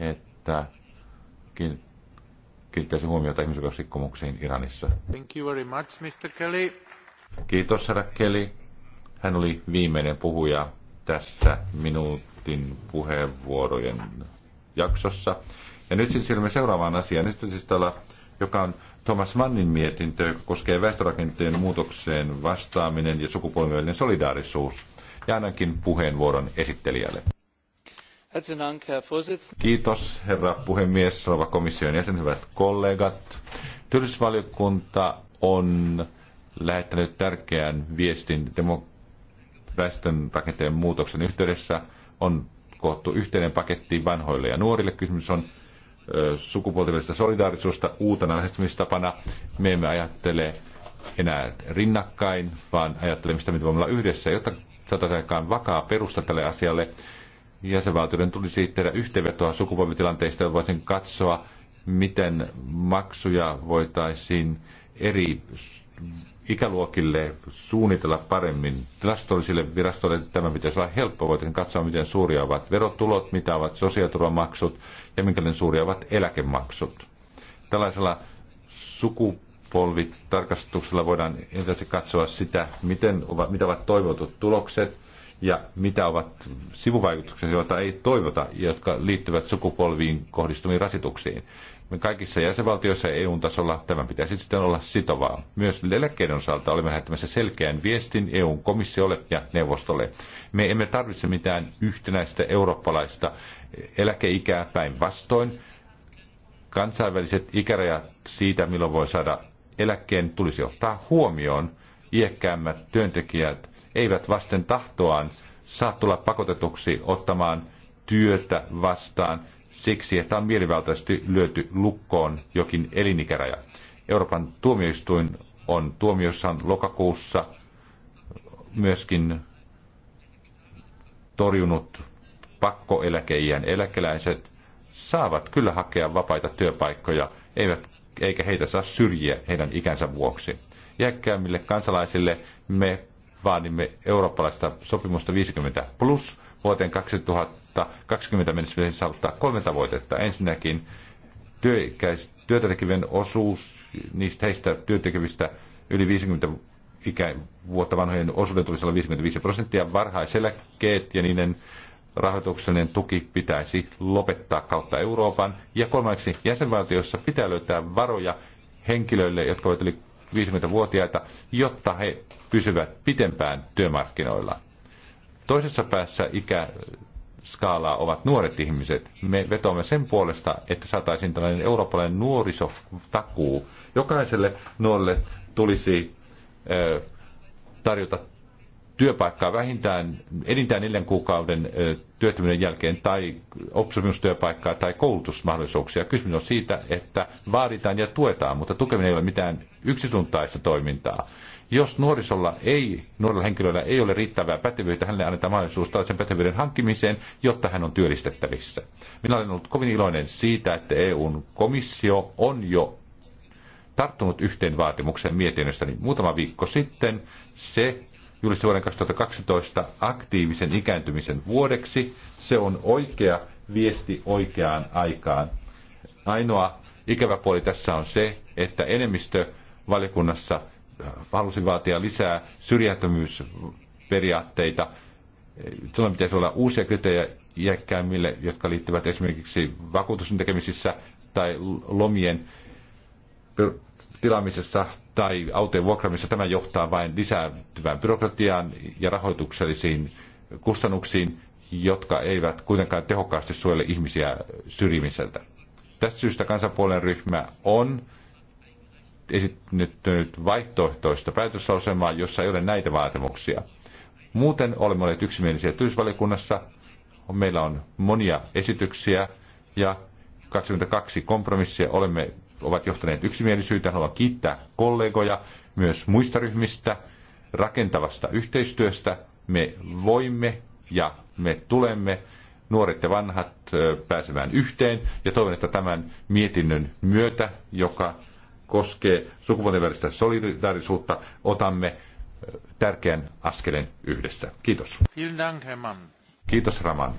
että kiinnittäisi huomiota ihmisoikeusrikkomuksiin Iranissa. Thank you very much, Mr. Kelly. Kiitos, herra Kelly. Hän oli viimeinen puhuja tässä minuutin puheenvuorojen jaksossa. Ja nyt siis siirrymme seuraavaan asiaan, nyt siis täällä, joka on Thomas Mannin mietintö, joka koskee väestörakenteen muutokseen vastaaminen ja sukupuolivälinen solidaarisuus. Ja ainakin puheenvuoron esittelijälle. Kiitos herra puhemies, rouva komission jäsen, hyvät kollegat. Työllisyysvaliokunta on lähettänyt tärkeän viestin väestön rakenteen muutoksen yhteydessä. On koottu yhteinen paketti vanhoille ja nuorille. Kysymys on sukupuolten solidaarisuudesta uutena lähestymistapana. Me emme ajattele enää rinnakkain, vaan ajattelemme sitä, mitä voimme olla yhdessä, jotta saataisiin vakaa perusta tälle asialle jäsenvaltioiden tulisi tehdä yhteenvetoa sukupolvitilanteista, ja voisin katsoa, miten maksuja voitaisiin eri ikäluokille suunnitella paremmin. Tilastollisille virastoille tämä pitäisi olla helppo. Voitaisiin katsoa, miten suuria ovat verotulot, mitä ovat sosiaaliturvamaksut ja minkälainen suuria ovat eläkemaksut. Tällaisella sukupolvitarkastuksella voidaan ensin katsoa sitä, miten, mitä ovat toivotut tulokset – ja mitä ovat sivuvaikutukset, joita ei toivota, jotka liittyvät sukupolviin kohdistuviin rasituksiin. Me kaikissa jäsenvaltioissa ja EU-tasolla tämän pitäisi sitten olla sitovaa. Myös eläkkeiden osalta olemme lähettämässä selkeän viestin EU-komissiolle ja neuvostolle. Me emme tarvitse mitään yhtenäistä eurooppalaista eläkeikää päinvastoin. Kansainväliset ikärajat siitä, milloin voi saada eläkkeen, tulisi ottaa huomioon – iäkkäämmät työntekijät eivät vasten tahtoaan saa tulla pakotetuksi ottamaan työtä vastaan siksi, että on mielivaltaisesti lyöty lukkoon jokin elinikäraja. Euroopan tuomioistuin on tuomiossaan lokakuussa myöskin torjunut pakkoeläkeiän eläkeläiset saavat kyllä hakea vapaita työpaikkoja, eivät, eikä heitä saa syrjiä heidän ikänsä vuoksi iäkkäämmille kansalaisille me vaadimme eurooppalaista sopimusta 50 plus vuoteen 2020 mennessä pitäisi saavuttaa kolme tavoitetta. Ensinnäkin työikäis, työtä tekevien osuus niistä heistä työtekevistä yli 50 vuotta vanhojen osuuden tulisi olla 55 prosenttia. Varhaiseläkkeet ja niiden rahoituksellinen tuki pitäisi lopettaa kautta Euroopan. Ja kolmanneksi jäsenvaltiossa pitää löytää varoja henkilöille, jotka ovat yli 50-vuotiaita, jotta he pysyvät pitempään työmarkkinoilla. Toisessa päässä ikäskaalaa ovat nuoret ihmiset. Me vetoamme sen puolesta, että saataisiin tällainen eurooppalainen nuorisotakuu. Jokaiselle nuorelle tulisi tarjota työpaikkaa vähintään enintään neljän kuukauden työttömyyden jälkeen tai oppisopimustyöpaikkaa tai koulutusmahdollisuuksia. Kysymys on siitä, että vaaditaan ja tuetaan, mutta tukeminen ei ole mitään yksisuuntaista toimintaa. Jos nuorisolla ei, nuorella henkilöllä ei ole riittävää pätevyyttä, hänelle annetaan mahdollisuus tällaisen pätevyyden hankkimiseen, jotta hän on työllistettävissä. Minä olen ollut kovin iloinen siitä, että EUn komissio on jo tarttunut yhteen vaatimukseen mietinnöstä, niin muutama viikko sitten se julisti vuoden 2012 aktiivisen ikääntymisen vuodeksi. Se on oikea viesti oikeaan aikaan. Ainoa ikävä puoli tässä on se, että enemmistö valiokunnassa äh, halusi vaatia lisää syrjäytymysperiaatteita. Tuolla pitäisi olla uusia kriteerejä iäkkäimmille, jotka liittyvät esimerkiksi vakuutusten tekemisissä tai lomien tilaamisessa tai autojen vuokraamista, tämä johtaa vain lisääntyvään byrokratiaan ja rahoituksellisiin kustannuksiin, jotka eivät kuitenkaan tehokkaasti suojele ihmisiä syrjimiseltä. Tästä syystä kansanpuolen ryhmä on esittänyt vaihtoehtoista päätöslauselmaa, jossa ei ole näitä vaatimuksia. Muuten olemme olleet yksimielisiä työllisyysvaliokunnassa. Meillä on monia esityksiä ja 22 kompromissia. Olemme ovat johtaneet yksimielisyyteen. Haluan kiittää kollegoja myös muista ryhmistä rakentavasta yhteistyöstä. Me voimme ja me tulemme nuoret ja vanhat pääsemään yhteen. Ja toivon, että tämän mietinnön myötä, joka koskee sukupuolten välistä solidaarisuutta, otamme tärkeän askelen yhdessä. Kiitos. Kiitos Raman.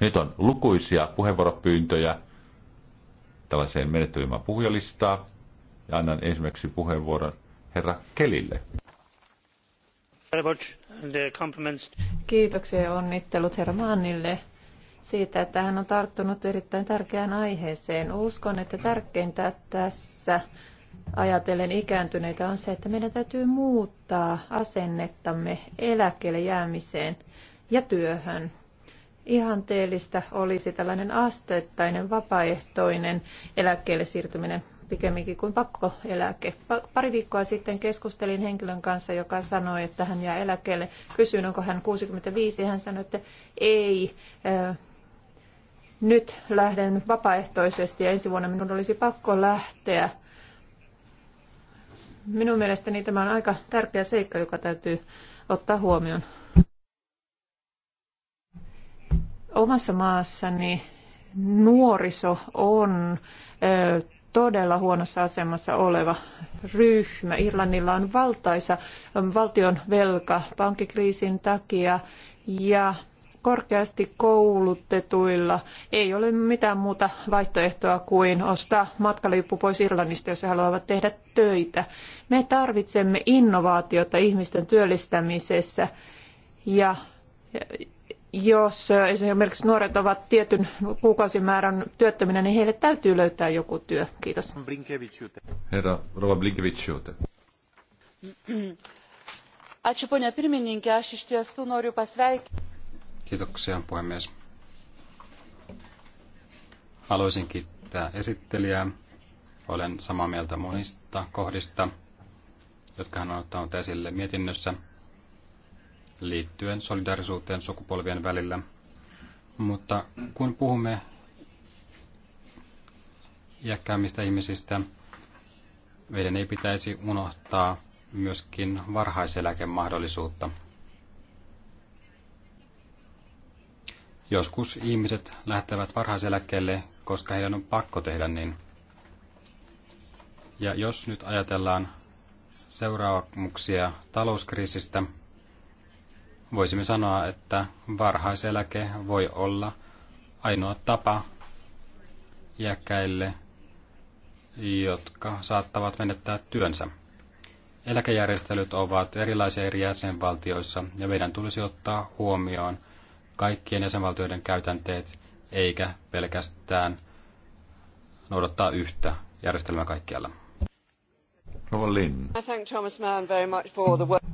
Nyt on lukuisia puheenvuoropyyntöjä tällaiseen menettelymään puhujalistaa. Ja annan ensimmäiseksi puheenvuoron herra Kelille. Kiitoksia ja onnittelut herra Mannille siitä, että hän on tarttunut erittäin tärkeään aiheeseen. Uskon, että tärkeintä tässä ajatellen ikääntyneitä on se, että meidän täytyy muuttaa asennettamme eläkkeelle jäämiseen ja työhön ihanteellista olisi tällainen asteittainen vapaaehtoinen eläkkeelle siirtyminen pikemminkin kuin pakkoeläke. Pari viikkoa sitten keskustelin henkilön kanssa, joka sanoi, että hän jää eläkkeelle. Kysyin, onko hän 65. Hän sanoi, että ei. Nyt lähden vapaaehtoisesti ja ensi vuonna minun olisi pakko lähteä. Minun mielestäni tämä on aika tärkeä seikka, joka täytyy ottaa huomioon. Omassa maassani nuoriso on todella huonossa asemassa oleva ryhmä. Irlannilla on valtaisa valtion velka pankkikriisin takia ja korkeasti koulutetuilla ei ole mitään muuta vaihtoehtoa kuin ostaa matkalippu pois Irlannista, jos he haluavat tehdä töitä. Me tarvitsemme innovaatiota ihmisten työllistämisessä ja jos esimerkiksi nuoret ovat tietyn kuukausimäärän työttöminä, niin heille täytyy löytää joku työ. Kiitos. Herra Rova Blinkevičiūtė. Kiitoksia, puhemies. Haluaisin kiittää esittelijää. Olen samaa mieltä monista kohdista, jotka hän on ottanut esille mietinnössä – liittyen solidaarisuuteen sukupolvien välillä. Mutta kun puhumme iäkkäämmistä ihmisistä, meidän ei pitäisi unohtaa myöskin varhaiseläkemahdollisuutta. Joskus ihmiset lähtevät varhaiseläkkeelle, koska heidän on pakko tehdä niin. Ja jos nyt ajatellaan seuraamuksia talouskriisistä, voisimme sanoa, että varhaiseläke voi olla ainoa tapa iäkkäille, jotka saattavat menettää työnsä. Eläkejärjestelyt ovat erilaisia eri jäsenvaltioissa ja meidän tulisi ottaa huomioon kaikkien jäsenvaltioiden käytänteet eikä pelkästään noudattaa yhtä järjestelmää kaikkialla.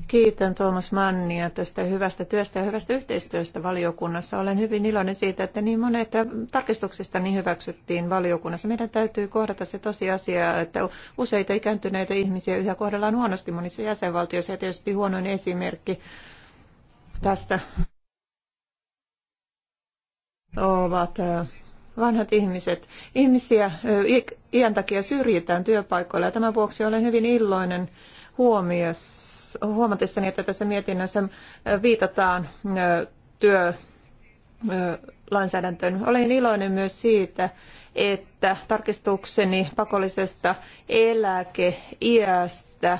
Kiitän Thomas Mannia tästä hyvästä työstä ja hyvästä yhteistyöstä valiokunnassa. Olen hyvin iloinen siitä, että niin monet tarkistuksista niin hyväksyttiin valiokunnassa. Meidän täytyy kohdata se tosiasia, että useita ikääntyneitä ihmisiä yhä kohdellaan huonosti monissa jäsenvaltioissa ja tietysti huonoin esimerkki tästä ovat äh, vanhat ihmiset. Ihmisiä iän takia syrjitään työpaikoilla ja tämän vuoksi olen hyvin illoinen huomatessani, että tässä mietinnössä viitataan työlainsäädäntöön. Olen iloinen myös siitä, että tarkistukseni pakollisesta eläkeiästä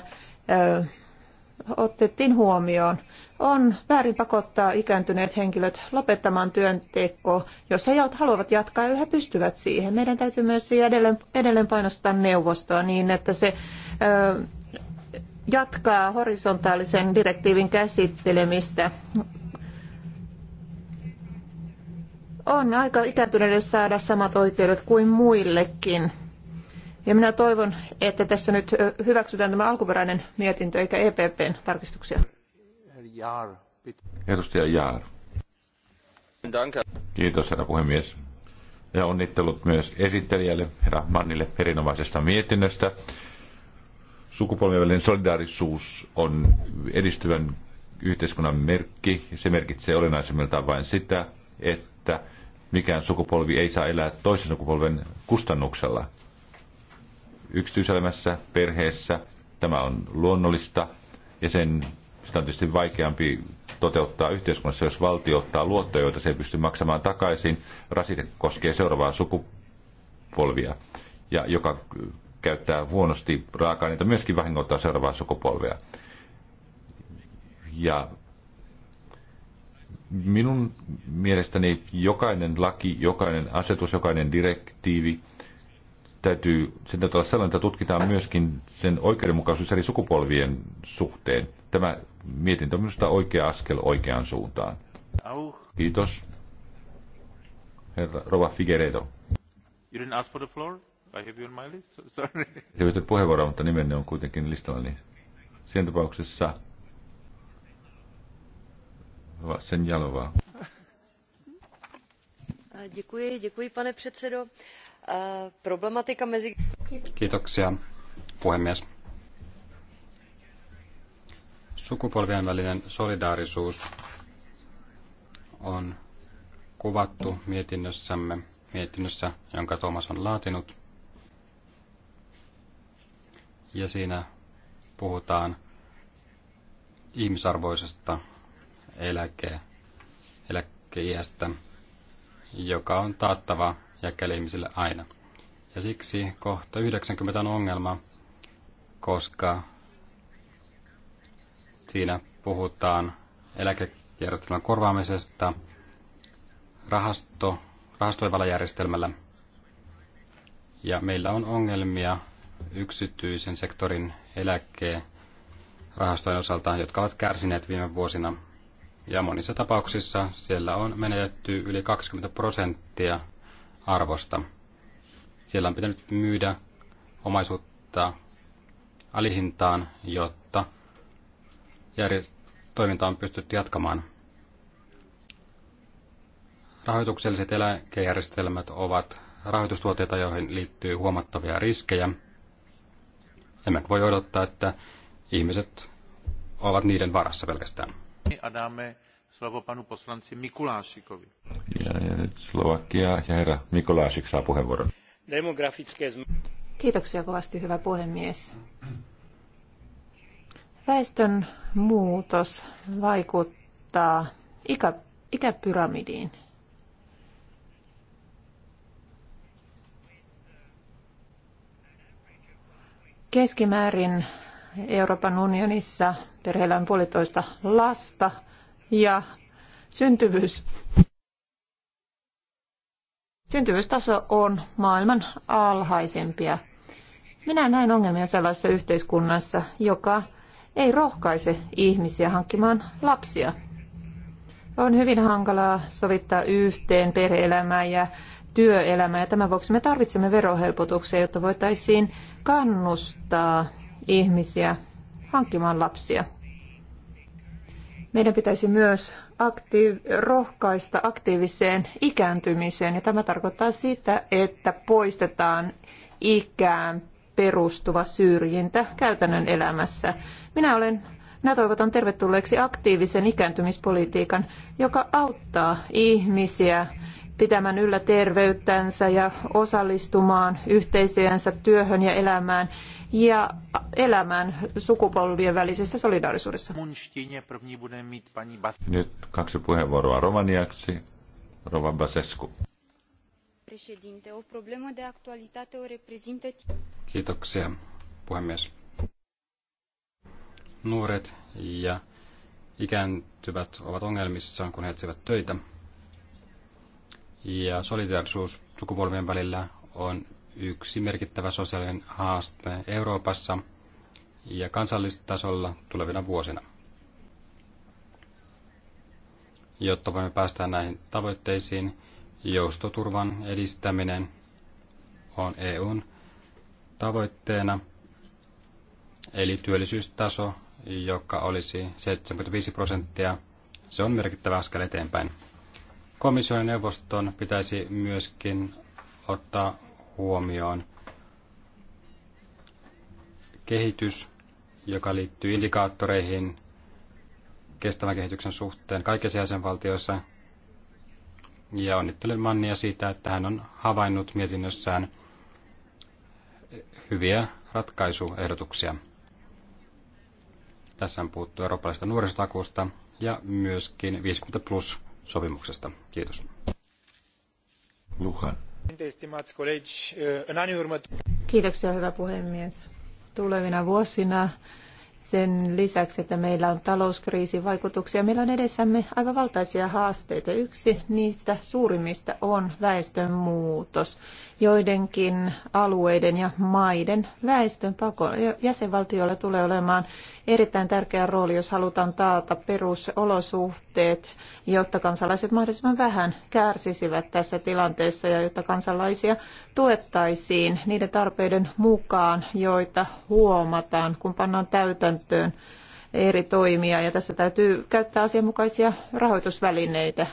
otettiin huomioon. On väärin pakottaa ikääntyneet henkilöt lopettamaan työntekoa. Jos he haluavat jatkaa, yhä pystyvät siihen. Meidän täytyy myös edelleen, edelleen painostaa neuvostoa niin, että se ö, jatkaa horisontaalisen direktiivin käsittelemistä. On aika ikääntyneille saada samat oikeudet kuin muillekin. Ja minä toivon, että tässä nyt hyväksytään tämä alkuperäinen mietintö eikä EPPn tarkistuksia. Edustaja Jaar. Kiitos, herra puhemies. Ja onnittelut myös esittelijälle, herra Mannille, erinomaisesta mietinnöstä. Sukupolvien välinen solidaarisuus on edistyvän yhteiskunnan merkki. Se merkitsee olennaisemmiltaan vain sitä, että mikään sukupolvi ei saa elää toisen sukupolven kustannuksella yksityiselämässä, perheessä. Tämä on luonnollista ja sen, sitä on tietysti vaikeampi toteuttaa yhteiskunnassa, jos valtio ottaa luottoja, joita se ei pysty maksamaan takaisin. Rasite koskee seuraavaa sukupolvia, ja joka käyttää huonosti raaka-aineita, myöskin vahingoittaa seuraavaa sukupolvea. Ja minun mielestäni jokainen laki, jokainen asetus, jokainen direktiivi – täytyy, sen täytyy olla sellainen, että tutkitaan myöskin sen oikeudenmukaisuus eri sukupolvien suhteen. Tämä mietintö on minusta oikea askel oikeaan suuntaan. Kiitos. Herra Rova Figueredo. You didn't ask for the floor? I have you on my list? Sorry. Se pyytää puheenvuoroa, mutta nimenne on kuitenkin listalla, niin sen tapauksessa sen jalovaa. Děkuji, děkuji, pane předsedo problematiikka mesi... Kiitoksia, puhemies. Sukupolvien välinen solidaarisuus on kuvattu mietinnössämme, mietinnössä, jonka Tuomas on laatinut. Ja siinä puhutaan ihmisarvoisesta eläke, eläkeiästä, joka on taattava iäkkäille ihmisille aina. Ja siksi kohta 90 on ongelma, koska siinä puhutaan eläkejärjestelmän korvaamisesta rahasto, rahastoivalla järjestelmällä. Ja meillä on ongelmia yksityisen sektorin eläkkeen rahastojen osalta, jotka ovat kärsineet viime vuosina. Ja monissa tapauksissa siellä on menetetty yli 20 prosenttia arvosta. Siellä on pitänyt myydä omaisuutta alihintaan, jotta toiminta on pystytty jatkamaan. Rahoitukselliset eläkejärjestelmät ovat rahoitustuotteita, joihin liittyy huomattavia riskejä. Emme voi odottaa, että ihmiset ovat niiden varassa pelkästään. Adame, slovo panu poslanci Mikulášikovi ja, ja nyt Slovakia ja herra Mikolaasik saa puheenvuoron. Kiitoksia kovasti, hyvä puhemies. Väestön muutos vaikuttaa ikä, ikäpyramidiin. Keskimäärin Euroopan unionissa perheellä on puolitoista lasta ja syntyvyys syntyvyystaso on maailman alhaisempia. Minä näen ongelmia sellaisessa yhteiskunnassa, joka ei rohkaise ihmisiä hankkimaan lapsia. On hyvin hankalaa sovittaa yhteen perhe-elämää ja työelämää ja tämän vuoksi me tarvitsemme verohelpotuksia, jotta voitaisiin kannustaa ihmisiä hankkimaan lapsia. Meidän pitäisi myös aktiiv- rohkaista aktiiviseen ikääntymiseen, ja tämä tarkoittaa sitä, että poistetaan ikään perustuva syrjintä käytännön elämässä. Minä olen minä toivotan tervetulleeksi aktiivisen ikääntymispolitiikan, joka auttaa ihmisiä pitämään yllä terveyttänsä ja osallistumaan yhteisöjensä työhön ja elämään ja elämään sukupolvien välisessä solidaarisuudessa. Nyt kaksi puheenvuoroa romaniaksi. Rova Basescu. Kiitoksia, puhemies. Nuoret ja ikääntyvät ovat ongelmissaan, kun he etsivät töitä – ja solidaarisuus sukupolvien välillä on yksi merkittävä sosiaalinen haaste Euroopassa ja kansallistasolla tulevina vuosina. Jotta voimme päästä näihin tavoitteisiin, joustoturvan edistäminen on EUn tavoitteena, eli työllisyystaso, joka olisi 75 prosenttia, se on merkittävä askel eteenpäin. Komission ja neuvoston pitäisi myöskin ottaa huomioon kehitys, joka liittyy indikaattoreihin kestävän kehityksen suhteen kaikissa jäsenvaltioissa. Ja onnittelen Mannia siitä, että hän on havainnut mietinnössään hyviä ratkaisuehdotuksia. Tässä on puhuttu eurooppalaisesta nuorisotakuusta ja myöskin 50 plus sopimuksesta. Kiitos. Luhan. Kiitoksia, hyvä puhemies. Tulevina vuosina sen lisäksi, että meillä on talouskriisin vaikutuksia, meillä on edessämme aivan valtaisia haasteita. Yksi niistä suurimmista on väestönmuutos. Joidenkin alueiden ja maiden väestön pako jäsenvaltioilla tulee olemaan erittäin tärkeä rooli, jos halutaan taata perusolosuhteet, jotta kansalaiset mahdollisimman vähän kärsisivät tässä tilanteessa ja jotta kansalaisia tuettaisiin niiden tarpeiden mukaan, joita huomataan, kun pannaan täytäntöön täytäntöön eri toimia ja tässä täytyy käyttää asianmukaisia rahoitusvälineitä.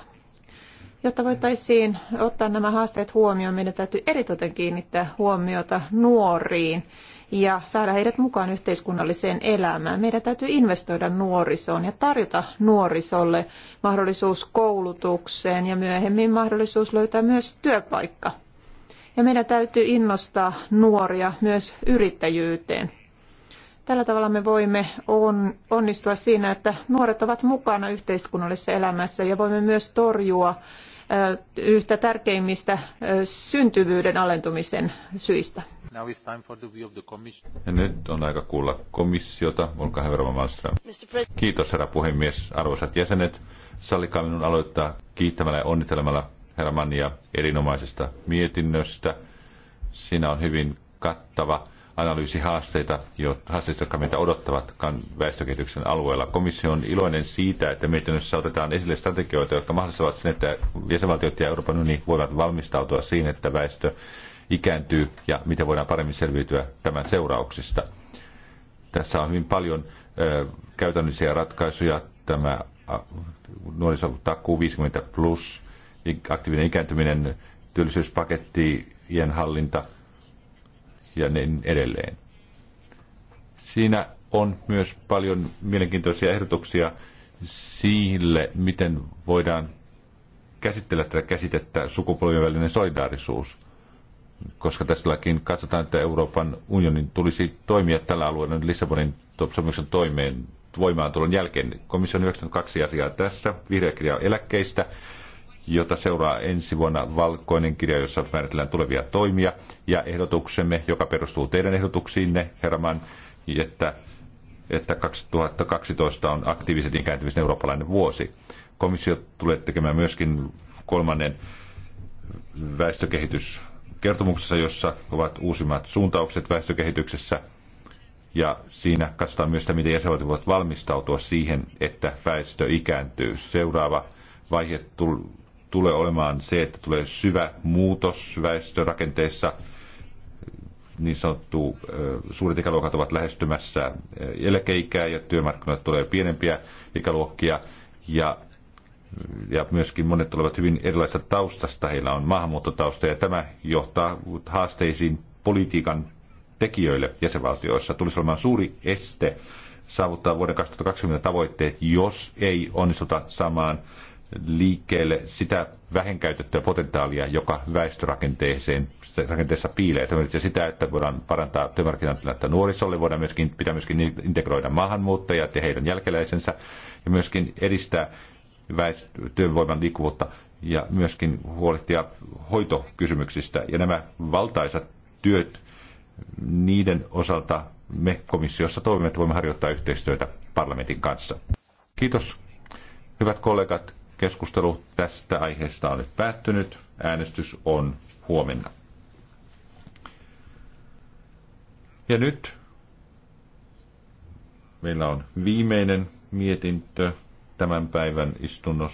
Jotta voitaisiin ottaa nämä haasteet huomioon, meidän täytyy eritoten kiinnittää huomiota nuoriin ja saada heidät mukaan yhteiskunnalliseen elämään. Meidän täytyy investoida nuorisoon ja tarjota nuorisolle mahdollisuus koulutukseen ja myöhemmin mahdollisuus löytää myös työpaikka. Ja meidän täytyy innostaa nuoria myös yrittäjyyteen. Tällä tavalla me voimme on, onnistua siinä, että nuoret ovat mukana yhteiskunnallisessa elämässä ja voimme myös torjua yhtä tärkeimmistä syntyvyyden alentumisen syistä. Ja nyt on aika kuulla komissiota. Olkaa hyvä, Rova Malmström. Kiitos, herra puhemies, arvoisat jäsenet. Sallikaa minun aloittaa kiittämällä ja onnittelemalla herra Mannia erinomaisesta mietinnöstä. Siinä on hyvin kattava analyysi haasteita, haasteista, jotka meitä odottavat väestökehityksen alueella. Komissio on iloinen siitä, että mietinnössä otetaan esille strategioita, jotka mahdollistavat sen, että jäsenvaltiot ja Euroopan unioni voivat valmistautua siihen, että väestö ikääntyy ja miten voidaan paremmin selviytyä tämän seurauksista. Tässä on hyvin paljon ö, käytännöllisiä ratkaisuja. Tämä nuorisotakuu 50 plus, aktiivinen ikääntyminen, työllisyyspaketti, hallinta – ja niin edelleen. Siinä on myös paljon mielenkiintoisia ehdotuksia sille, miten voidaan käsitellä tätä käsitettä sukupolvien välinen solidaarisuus, koska tässäkin katsotaan, että Euroopan unionin tulisi toimia tällä alueella Lissabonin sopimuksen toimeen voimaantulon jälkeen. Komissio on 92 asiaa tässä, vihreä kirja eläkkeistä, jota seuraa ensi vuonna valkoinen kirja, jossa määritellään tulevia toimia ja ehdotuksemme, joka perustuu teidän ehdotuksiinne, Herman, että, että 2012 on aktiiviset ikääntymisen eurooppalainen vuosi. Komissio tulee tekemään myöskin kolmannen väestökehityskertomuksessa, jossa ovat uusimmat suuntaukset väestökehityksessä. Ja siinä katsotaan myös sitä, miten jäsenvaltiot voivat valmistautua siihen, että väestö ikääntyy. Seuraava vaihe tulee olemaan se, että tulee syvä muutos väestörakenteessa. Niin sanottu suuret ikäluokat ovat lähestymässä eläkeikää ja työmarkkinoille tulee pienempiä ikäluokkia. Ja ja myöskin monet tulevat hyvin erilaista taustasta, heillä on maahanmuuttotausta ja tämä johtaa haasteisiin politiikan tekijöille jäsenvaltioissa. Tulisi olemaan suuri este saavuttaa vuoden 2020 tavoitteet, jos ei onnistuta saamaan liikkeelle sitä vähenkäytettyä potentiaalia, joka väestörakenteeseen rakenteessa piilee. Tämä sitä, että voidaan parantaa työmarkkinatilannetta nuorisolle, voidaan myöskin, pitää myöskin integroida maahanmuuttajat ja heidän jälkeläisensä ja myöskin edistää työvoiman liikkuvuutta ja myöskin huolehtia hoitokysymyksistä. Ja nämä valtaisat työt, niiden osalta me komissiossa toivomme, että voimme harjoittaa yhteistyötä parlamentin kanssa. Kiitos. Hyvät kollegat, Keskustelu tästä aiheesta on nyt päättynyt. Äänestys on huomenna. Ja nyt meillä on viimeinen mietintö tämän päivän istunnossa.